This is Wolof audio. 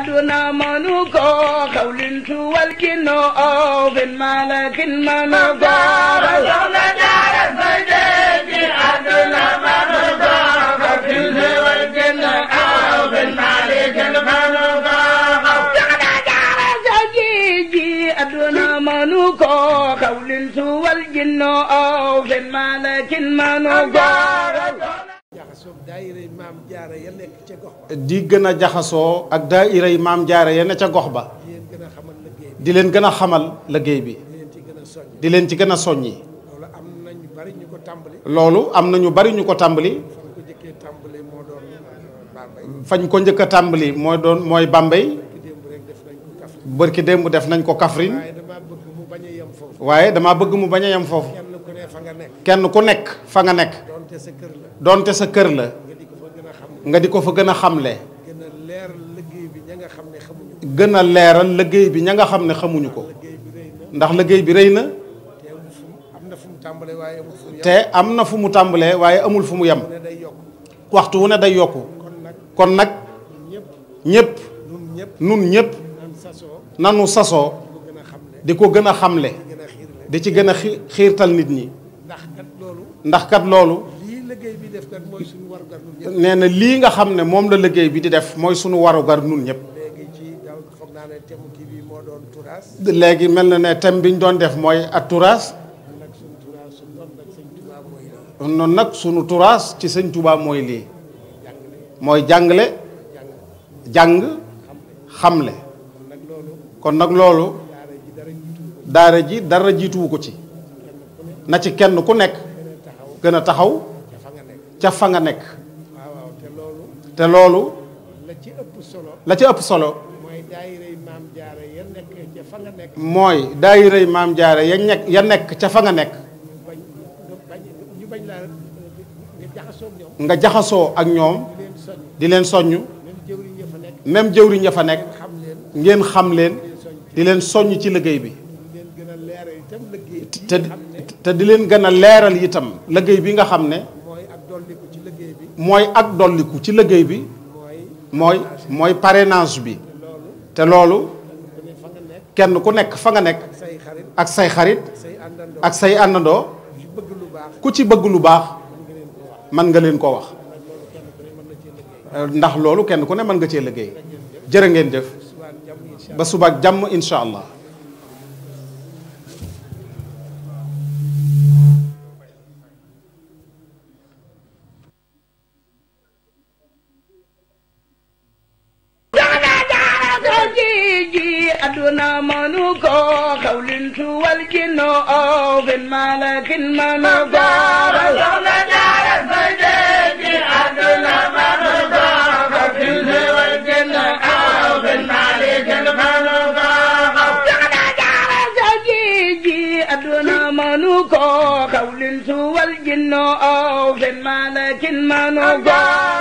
أتنا منوكو خولنت والكنو أو بن مالك منوكو رسول دار الفجاج أتنا منوكو خولنت والكنو أو بن مالك منوكو أدنى منوكو خولنت والجن أو بن مالك منوكو di gën a jaxasoo ak daayira yi maam jaara ya ne ca gox ba di leen gën a xamal liggéey bi di leen ci gën a soññi loolu am na ñu bari ñu ko tàmbali fañ ko njëkka tàmbali mooy uh, doon mooy Bambey bërki démb def nañ ko Kaffrine waaye damaa bëgg mu bañ a yem foofu kenn ku nekk fa nga nekk donte sa kër la nga di ko fa gën a xamle gën a leeral liggéey bi ña nga xam ne xamuñu ko ndax liggéey bi rëy na te am na fu mu tàmbalee waaye amul fu mu yem waxtu wu ne day yokku kon nag ñëpp nun ñëpp nanu sasoo di ko gën a xamle di ci gën a xiirtal nit ñi. ndax kat loolu. ndax loolu. lii na lii nga xam ne moom la liggéey bi di def mooy sunu warugar nun ñëpp. léegi ci foog naa léegi mel na ne thème bi ñu doon def mooy ak turas. noonu nag sunu turas ci sëñ Touba mooy lii. mooy jàngale. jàng xamle. kon nag loolu. daara ji dara jiituwu ko ci na ci kenn ku nekk gën a taxaw ca fa nga nekk te loolu la ci ëpp solo mooy daayiray maam jaara ya nekk ya nekk ca fa nga nekk nga jaxasoo ak ñoom di leen soññ même jëwriñ ya fa nekk ngeen xam leen di leen soññ ci liggéey bi te di leen gën a leeral itam liggéey bi nga xam ne mooy ak dolliku ci liggéey bi mooy mooy parrainage bi te loolu kenn ku nekk fa nga nekk ak say xarit ak say àndandoo ku ci bëgg lu baax mën nga leen ko wax ndax loolu kenn ku ne mën nga cee liggéey jërë ngeen jëf ba subaak jàmm incha allah ملكاتنا منوكو خولنت والكنو أو بن ملك منوكو خولنا دار الفجاج عدنا منوكو خولنت والكنو أو بن ملك منوكو خولنا دار الفجاج عدنا منوكو خولنت والكنو أو بن ملك منوكو